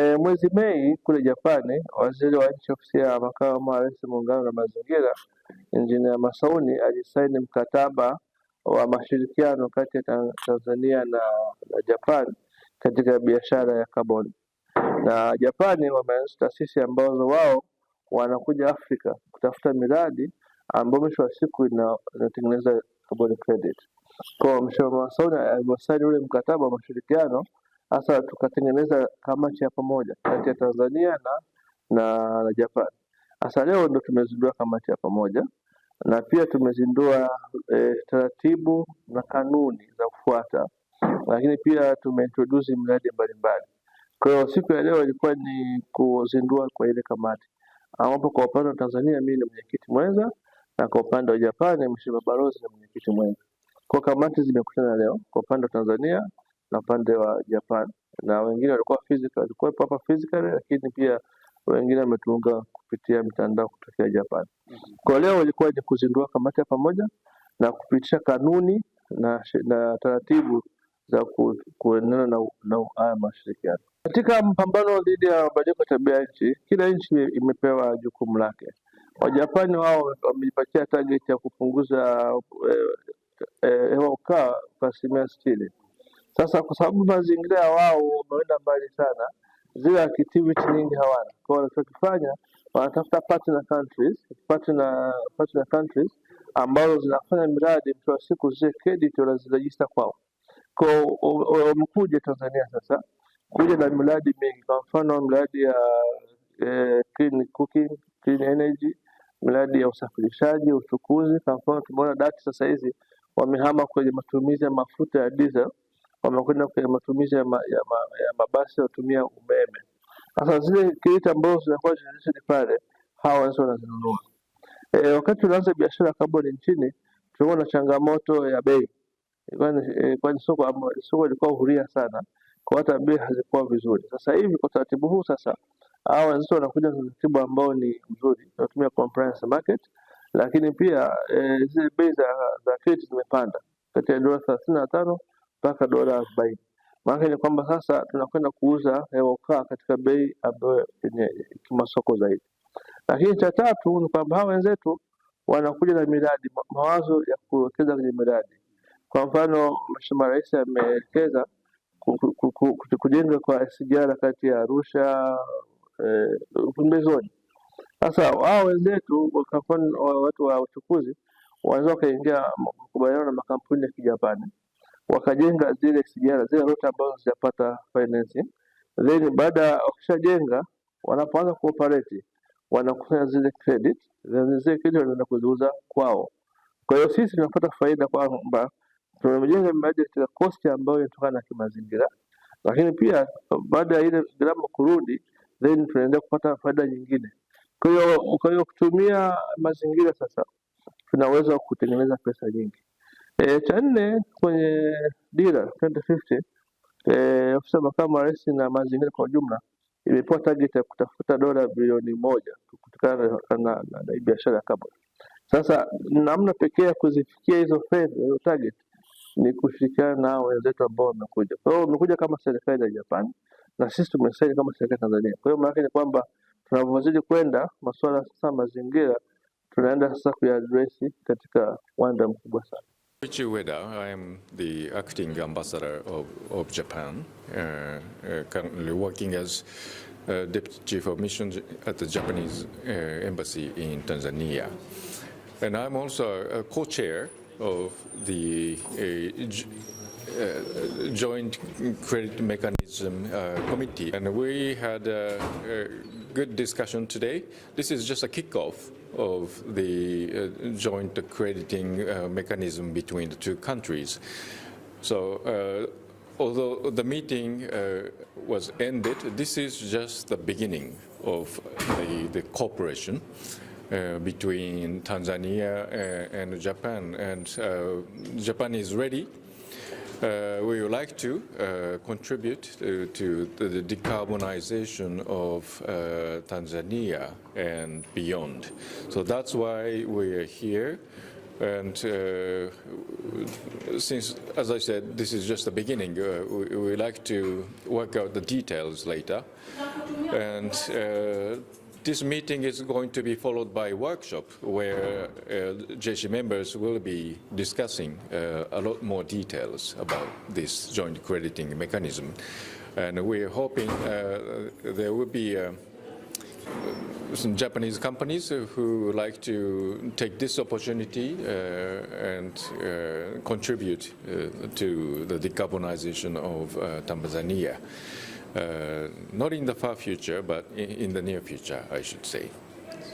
E, mwezi Mei kule Japani, waziri wa nchi ofisi ya makamu wa rais muungano na mazingira Injinia Masauni alisaini mkataba wa mashirikiano kati ya Tanzania na, na Japan katika biashara ya kaboni, na Japani wameanzisha taasisi ambazo wao wanakuja Afrika kutafuta miradi ambayo mwisho wa siku inatengeneza carbon credit. Kwa Mheshimiwa Masauni alivyosaini ule mkataba wa mashirikiano hasa tukatengeneza kamati ya pamoja kati ya Tanzania na na, na Japan. Hasa leo ndo tumezindua kamati ya pamoja na pia tumezindua e, taratibu na kanuni za kufuata, lakini pia tumeintroduce miradi mbalimbali. Kwa hiyo siku ya leo ilikuwa ni kuzindua kwa ile kamati, ambapo kwa upande wa Tanzania mimi ni mwenyekiti mwenza na kwa upande wa Japani mheshimiwa balozi ni mwenyekiti mwenza. Kwa kamati zimekutana leo kwa upande wa Tanzania na upande wa Japan, na wengine walikuwa physical, walikuwepo hapa physical, lakini pia wengine wametuunga kupitia mitandao kutokea Japan. Mm-hmm. Kwa leo ilikuwa ni kuzindua kamati ya pamoja na kupitisha kanuni na, na taratibu za kuendana na, na haya mashirikiano katika mpambano dhidi ya mabadiliko ya tabia nchi. Kila nchi imepewa jukumu lake. Wajapani wao wamejipatia target ya kupunguza hewa eh, eh, ukaa kwa asilimia sitini. Sasa kwa sababu mazingira ya wao wameenda mbali sana, zile activities nyingi hawana kwao. Wanachokifanya wanatafuta partner countries, partner, partner countries ambazo zinafanya miradi, mwisho wa siku zile credit wanazirejista kwao. Kwao wamekuja Tanzania sasa kuja na miradi mingi, kwa mfano miradi ya eh, clean cooking, clean energy, miradi ya usafirishaji, uchukuzi. Kwa mfano tumeona dati sasa hizi wamehama kwenye matumizi ya mafuta ya diesel wamekwenda kwenye matumizi ya, ma, ya, ma, ya mabasi yanatumia umeme. Sasa zile kreti ambazo zinakuwa generation pale hawa wanaweza wanazinunua. E, wakati tunaanza biashara ya kaboni nchini tulikuwa na changamoto ya bei, kwani e, soko soko ilikuwa huria sana, kwa hata bei hazikuwa vizuri. Sasa hivi kwa taratibu huu sasa hawa wenzetu wanakuja na taratibu ambao ni mzuri, tunatumia compliance market, lakini pia e, zile bei za kreti zimepanda kati ya dola thelathini na tano mpaka dola arobaini. Maanake ni kwamba sasa tunakwenda kuuza hewa ukaa katika bei ambayo yenye kimasoko zaidi. Lakini cha tatu ni kwamba hawa wenzetu wanakuja na miradi, mawazo ya kuwekeza kwenye miradi. Kwa mfano, Mheshimiwa Rais ameelekeza kujenga kwa SGR kati ya Arusha eh, pembezoni. Sasa hao wenzetu watu wa uchukuzi wanaweza wakaingia makubaliano na makampuni ya Kijapani wakajenga zile sijara zile lote ambazo zijapata financing, then baada wakishajenga, wanapoanza kuoperate wanakusanya zile credit, then zile credit wanaenda kuziuza kwao. Kwa hiyo sisi tunapata faida kwamba tumejenga miradi katika cost ambayo inatokana na kimazingira, lakini pia baada ya ile gharama kurudi, then tunaendelea kupata faida nyingine. Kwa hiyo kutumia mazingira sasa, tunaweza kutengeneza pesa nyingi. E, cha nne kwenye dira 2050 e, ofisi ya makamu wa rais na mazingira kwa ujumla imepewa target ya kutafuta dola bilioni moja kutokana na, na, na, na biashara ya kaboni. Sasa namna pekee ya kuzifikia hizo fedha hizo target ni kushirikiana na wenzetu ambao wamekuja. Kwa hiyo wamekuja kama serikali ya Japan na sisi tumesaini kama serikali ya Tanzania. Kwa hiyo maana ni kwamba tunavyozidi kwenda masuala sasa mazingira tunaenda sasa kuyaadresi katika wanda mkubwa sana. Koichi Ueda, I am the acting ambassador of, of Japan, uh, uh, currently working as uh, deputy chief of mission at the Japanese uh, embassy in Tanzania. And I'm also a co-chair of the uh, uh, joint credit mechanism uh, committee, and we had a, a, good discussion today. This is just a kickoff of the uh, joint crediting uh, mechanism between the two countries. So. Uh, although the meeting was ended, this is just the beginning of the, the cooperation. Uh, between Tanzania and, and Japan. And uh, Japan is ready uh, we would like to uh, contribute uh, to, to, the decarbonization of Tanzania and beyond. So that's why we are here. And uh, since, as I said, this is just the beginning, uh, we, we, like to work out the details later. And uh, this meeting is going to be followed by a workshop where uh, JC members will be discussing uh, a lot more details about this joint crediting mechanism. And we're hoping uh, there will be uh, some Japanese companies who would like to take this opportunity uh, and uh, contribute to the decarbonization of Tanzania. Uh, not in the far future, but in, in the near future, I should say.